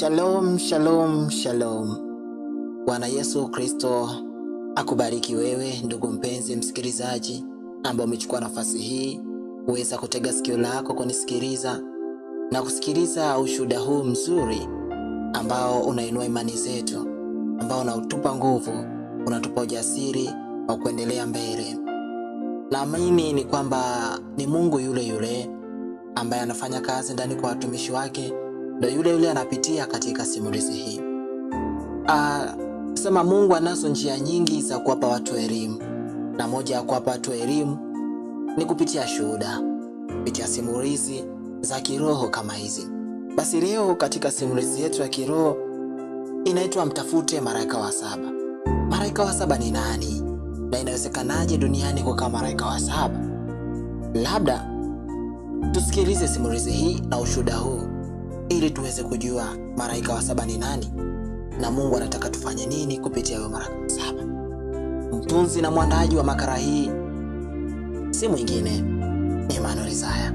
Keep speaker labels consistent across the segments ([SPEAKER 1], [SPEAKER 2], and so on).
[SPEAKER 1] Shalom, shalom, shalom. Bwana Yesu Kristo akubariki wewe ndugu mpenzi msikilizaji ambaye umechukua nafasi hii kuweza kutega sikio lako kunisikiliza na kusikiliza ushuhuda huu mzuri ambao unainua imani zetu, ambao unautupa nguvu, unatupa ujasiri wa kuendelea mbele. Naamini ni kwamba ni Mungu yule yule ambaye anafanya kazi ndani kwa watumishi wake ndo yule yule anapitia katika simulizi hii. Ah, sema Mungu anazo njia nyingi za kuwapa watu elimu, na moja ya kuwapa watu elimu ni kupitia shuhuda, kupitia simulizi za kiroho kama hizi. Basi leo katika simulizi yetu ya kiroho inaitwa Mtafute Malaika wa Saba. Malaika wa saba ni nani, na inawezekanaje duniani kukaa malaika wa saba? Labda tusikilize simulizi hii na ushuhuda huu ili tuweze kujua malaika wa saba ni nani na Mungu anataka tufanye nini kupitia hayo malaika saba. Mtunzi na mwandaji wa makara hii si mwingine ni Emmanuel Zaya,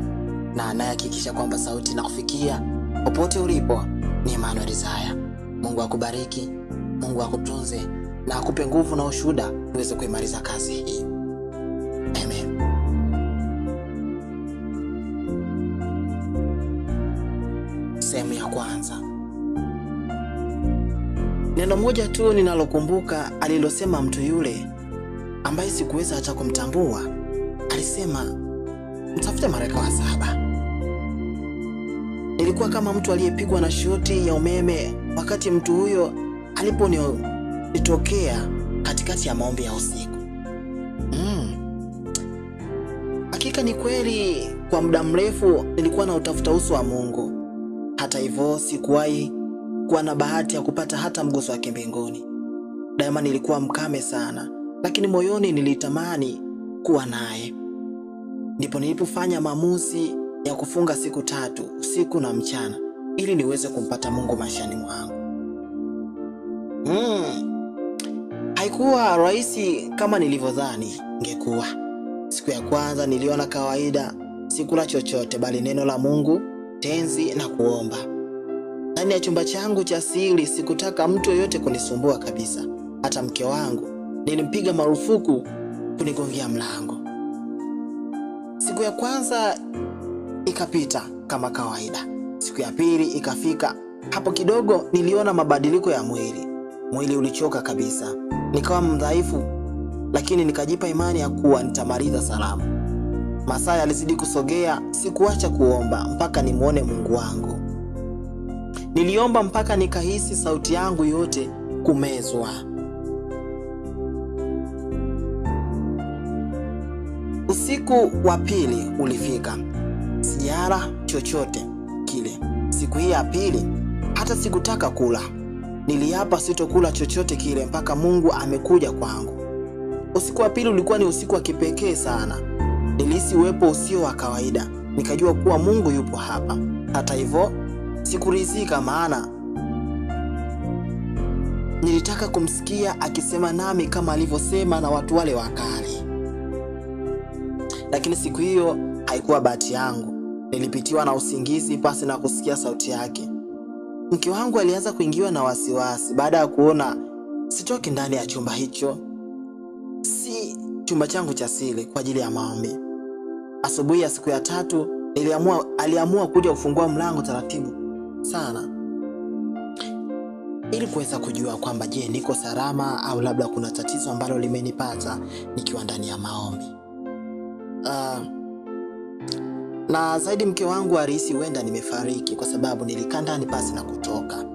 [SPEAKER 1] na anayehakikisha kwamba sauti na kufikia popote ulipo ni Emmanuel Zaya. Mungu akubariki, Mungu akutunze na akupe nguvu na ushuda uweze kuimaliza kazi hii. Amen. sehemu ya kwanza. Neno moja tu ninalokumbuka alilosema mtu yule ambaye sikuweza hata kumtambua, alisema mtafute malaika wa saba. Nilikuwa kama mtu aliyepigwa na shoti ya umeme wakati mtu huyo aliponitokea katikati ya maombi ya usiku. Mm. Hakika ni kweli, kwa muda mrefu nilikuwa na utafuta uso wa Mungu hata hivyo, sikuwahi kuwa na bahati ya kupata hata mguso wake mbinguni. Daima nilikuwa mkame sana, lakini moyoni nilitamani kuwa naye. Ndipo nilipofanya maamuzi ya kufunga siku tatu usiku na mchana ili niweze kumpata Mungu maishani mwangu. Mm. Haikuwa rahisi kama nilivyodhani ingekuwa. Siku ya kwanza niliona kawaida, sikula chochote bali neno la Mungu mapenzi na kuomba. Ndani ya chumba changu cha siri sikutaka mtu yoyote kunisumbua kabisa. Hata mke wangu nilimpiga marufuku kunigongea mlango. Siku ya kwanza ikapita kama kawaida. Siku ya pili ikafika. Hapo kidogo niliona mabadiliko ya mwili. Mwili ulichoka kabisa, nikawa mdhaifu, lakini nikajipa imani ya kuwa nitamaliza salama. Masaa yalizidi kusogea, sikuacha kuomba mpaka nimwone Mungu wangu. Niliomba mpaka nikahisi sauti yangu yote kumezwa. Usiku wa pili ulifika, sijara chochote kile. Siku hii ya pili hata sikutaka kula. Niliapa sitokula chochote kile mpaka Mungu amekuja kwangu. Usiku wa pili ulikuwa ni usiku wa kipekee sana nilihisi uwepo usio wa kawaida, nikajua kuwa Mungu yupo hapa. Hata hivyo, sikuridhika, maana nilitaka kumsikia akisema nami kama alivyosema na watu wale wa kale. Lakini siku hiyo haikuwa bahati yangu, nilipitiwa na usingizi pasi na kusikia sauti yake. Mke wangu alianza kuingiwa na wasiwasi baada ya kuona sitoki ndani ya chumba hicho, si chumba changu cha siri kwa ajili ya maombi. Asubuhi ya siku ya tatu niliamua, aliamua kuja kufungua mlango taratibu sana ili kuweza kujua kwamba je, niko salama au labda kuna tatizo ambalo limenipata nikiwa ndani ya maombi. Uh, na zaidi mke wangu alihisi huenda nimefariki kwa sababu nilikaa ndani pasi na kutoka.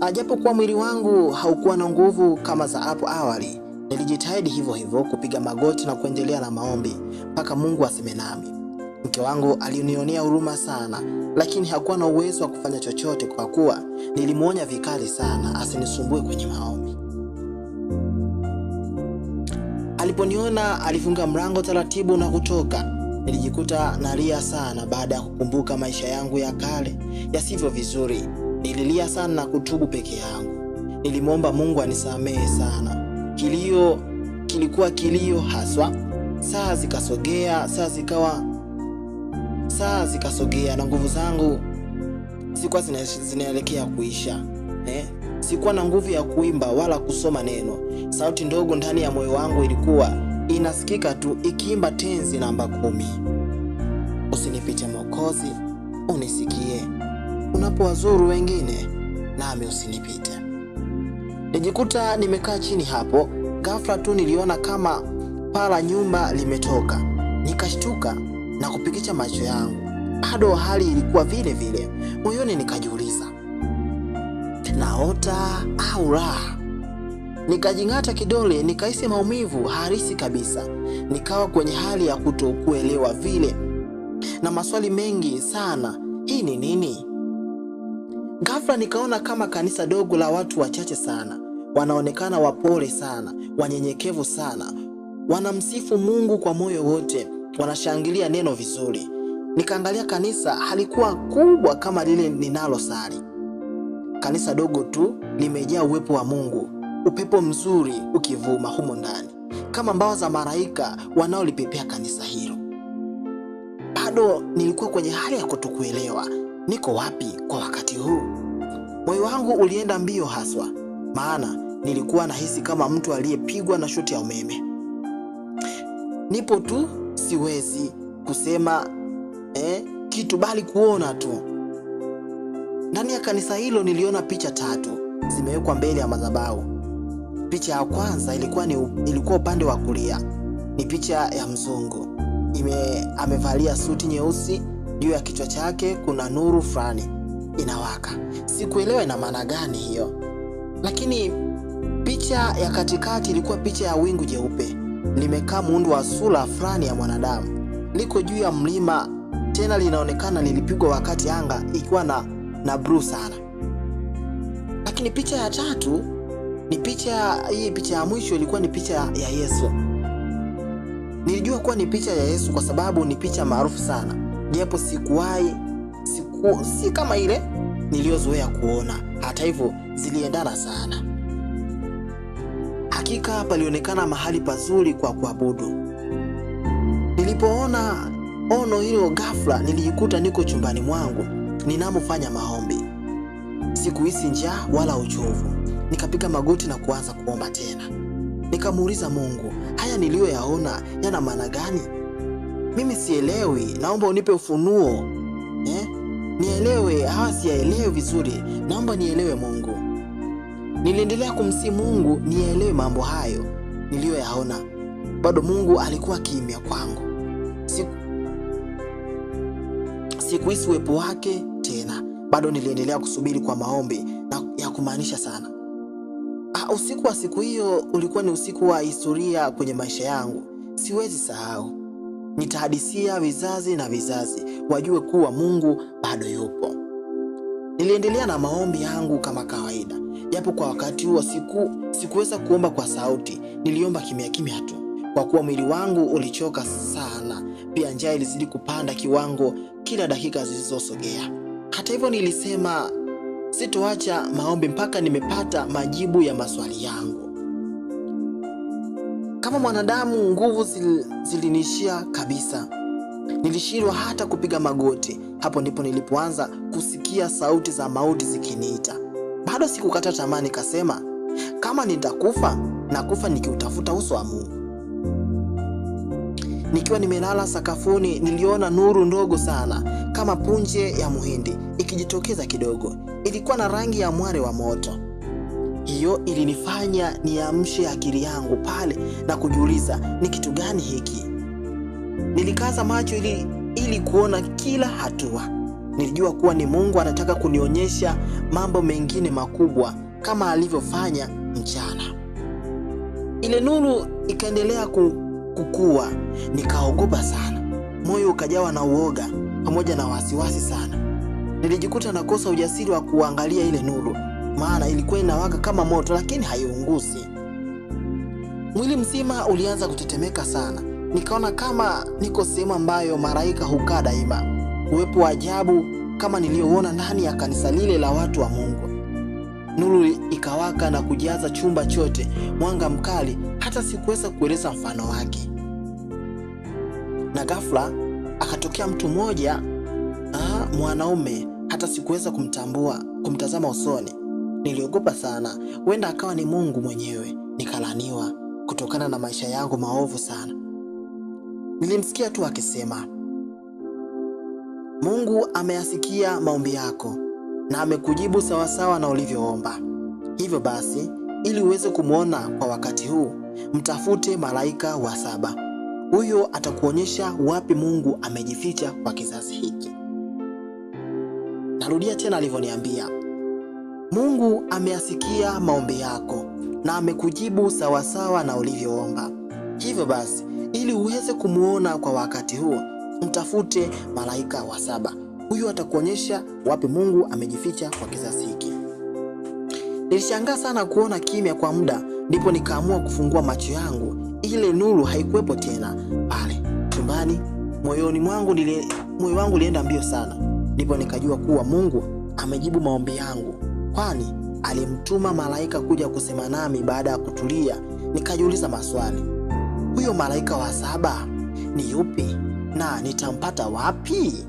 [SPEAKER 1] Ah, kuwa mwili wangu haukuwa na nguvu kama za hapo awali, Nilijitahidi hivyo hivyo kupiga magoti na kuendelea na maombi mpaka Mungu aseme nami. Mke wangu alinionea huruma sana, lakini hakuwa na uwezo wa kufanya chochote kwa kuwa nilimwonya vikali sana asinisumbue kwenye maombi. Aliponiona alifunga mlango taratibu na kutoka. Nilijikuta nalia sana baada ya kukumbuka maisha yangu ya kale yasivyo vizuri. Nililia sana na kutubu peke yangu. Nilimwomba Mungu anisamehe sana kilio kilikuwa kilio haswa. Saa zikasogea, saa zikawa, saa zikasogea na nguvu zangu sikuwa zinaelekea kuisha eh? Sikuwa na nguvu ya kuimba wala kusoma neno. Sauti ndogo ndani ya moyo wangu ilikuwa inasikika tu ikiimba tenzi namba kumi: usinipite Mwokozi, unisikie unapowazuru wengine, nami usinipite. Nijikuta nimekaa chini hapo, ghafla tu niliona kama paa la nyumba limetoka. Nikashtuka na kupigisha macho yangu, bado hali ilikuwa vile vile. Moyoni nikajiuliza naota au la? Nikajing'ata kidole, nikahisi maumivu halisi kabisa. Nikawa kwenye hali ya kutokuelewa vile na maswali mengi sana, hii ni nini? Ghafla nikaona kama kanisa dogo la watu wachache sana wanaonekana wapole sana, wanyenyekevu sana, wanamsifu Mungu kwa moyo wote, wanashangilia neno vizuri. Nikaangalia kanisa halikuwa kubwa kama lile ninalo sari kanisa dogo tu, limejaa uwepo wa Mungu, upepo mzuri ukivuma humo ndani kama mbawa za malaika wanaolipepea kanisa hilo. Bado nilikuwa kwenye hali ya kutokuelewa niko wapi kwa wakati huu. Moyo wangu ulienda mbio haswa, maana nilikuwa nahisi kama mtu aliyepigwa na shoti ya umeme. Nipo tu, siwezi kusema eh, kitu bali kuona tu. Ndani ya kanisa hilo niliona picha tatu zimewekwa mbele ya madhabahu. Picha ya kwanza ilikuwa ni, ilikuwa upande wa kulia, ni picha ya mzungu ime, amevalia suti nyeusi. Juu ya kichwa chake kuna nuru fulani inawaka, sikuelewa ina maana gani hiyo, lakini Picha ya katikati ilikuwa picha ya wingu jeupe limekaa muundo wa sura fulani ya mwanadamu, liko juu ya mlima, tena linaonekana lilipigwa wakati anga ikiwa na, na bluu sana. Lakini picha ya tatu ni picha hii, picha ya mwisho ilikuwa ni picha ya Yesu. Nilijua kuwa ni picha ya Yesu kwa sababu ni picha maarufu sana, japo sikuwahi siku, si kama ile niliyozoea kuona. Hata hivyo ziliendana sana. Hakika palionekana mahali pazuri kwa kuabudu. Nilipoona ono hilo ghafla, nilijikuta niko chumbani mwangu ninamofanya maombi. Sikuhisi njaa wala uchovu. Nikapiga magoti na kuanza kuomba tena. Nikamuuliza Mungu, haya niliyoyaona yana maana gani? Mimi sielewi, naomba unipe ufunuo eh? Nielewe, hawa siyaelewe vizuri, naomba nielewe Mungu. Niliendelea kumsi Mungu nielewe mambo hayo niliyoyaona. Bado Mungu alikuwa kimya kwangu. Siku sikuhisi uwepo wake tena. Bado niliendelea kusubiri kwa maombi na ya kumaanisha sana. Ha, ah, usiku wa siku hiyo ulikuwa ni usiku wa historia kwenye maisha yangu. Siwezi sahau. Nitahadisia vizazi na vizazi wajue kuwa Mungu bado yupo. Niliendelea na maombi yangu kama kawaida japo kwa wakati huo siku sikuweza kuomba kwa sauti, niliomba kimya kimya tu, kwa kuwa mwili wangu ulichoka sana. Pia njaa ilizidi kupanda kiwango kila dakika zilizosogea. Hata hivyo, nilisema sitoacha maombi mpaka nimepata majibu ya maswali yangu. Kama mwanadamu, nguvu zil, zilinishia kabisa. Nilishindwa hata kupiga magoti. Hapo ndipo nilipoanza kusikia sauti za mauti zikiniita siku sikukata tamaa, nikasema kama nitakufa nakufa nikiutafuta uso wa Mungu. Nikiwa nimelala sakafuni, niliona nuru ndogo sana kama punje ya muhindi ikijitokeza kidogo. Ilikuwa na rangi ya mwale wa moto. Hiyo ilinifanya niamshe akili yangu pale na kujiuliza ni kitu gani hiki. Nilikaza macho ili, ili kuona kila hatua. Nilijua kuwa ni Mungu anataka kunionyesha mambo mengine makubwa kama alivyofanya mchana. Ile nuru ikaendelea kukua, nikaogopa sana, moyo ukajawa na uoga pamoja na wasiwasi sana. Nilijikuta nakosa ujasiri wa kuangalia ile nuru, maana ilikuwa inawaka kama moto, lakini haiunguzi. Mwili mzima ulianza kutetemeka sana, nikaona kama niko sehemu ambayo malaika hukaa daima uwepo wa ajabu kama niliyouona ndani ya kanisa lile la watu wa Mungu. Nuru ikawaka na kujaza chumba chote, mwanga mkali, hata sikuweza kueleza mfano wake. Na ghafla akatokea mtu mmoja, ah, mwanaume, hata sikuweza kumtambua, kumtazama usoni. Niliogopa sana, huenda akawa ni Mungu mwenyewe. Nikalaniwa kutokana na maisha yangu maovu sana. Nilimsikia tu akisema Mungu ameyasikia maombi yako na amekujibu sawasawa na ulivyoomba. Hivyo basi, ili uweze kumwona kwa wakati huu, mtafute malaika wa saba. Huyo atakuonyesha wapi Mungu amejificha kwa kizazi hiki. Narudia tena alivyoniambia, Mungu ameyasikia maombi yako na amekujibu sawasawa na ulivyoomba. Hivyo basi, ili uweze kumwona kwa wakati huu mtafute malaika wa saba. Huyu atakuonyesha wapi Mungu amejificha kwa kizazi hiki. Nilishangaa sana kuona kimya kwa muda, ndipo nikaamua kufungua macho yangu. Ile nuru haikuwepo tena pale chumbani. Moyoni mwangu nile, moyo wangu ulienda mbio sana, ndipo nikajua kuwa Mungu amejibu maombi yangu, kwani alimtuma malaika kuja kusema nami. Baada ya kutulia, nikajiuliza maswali, huyo malaika wa saba ni yupi? na nitampata wapi?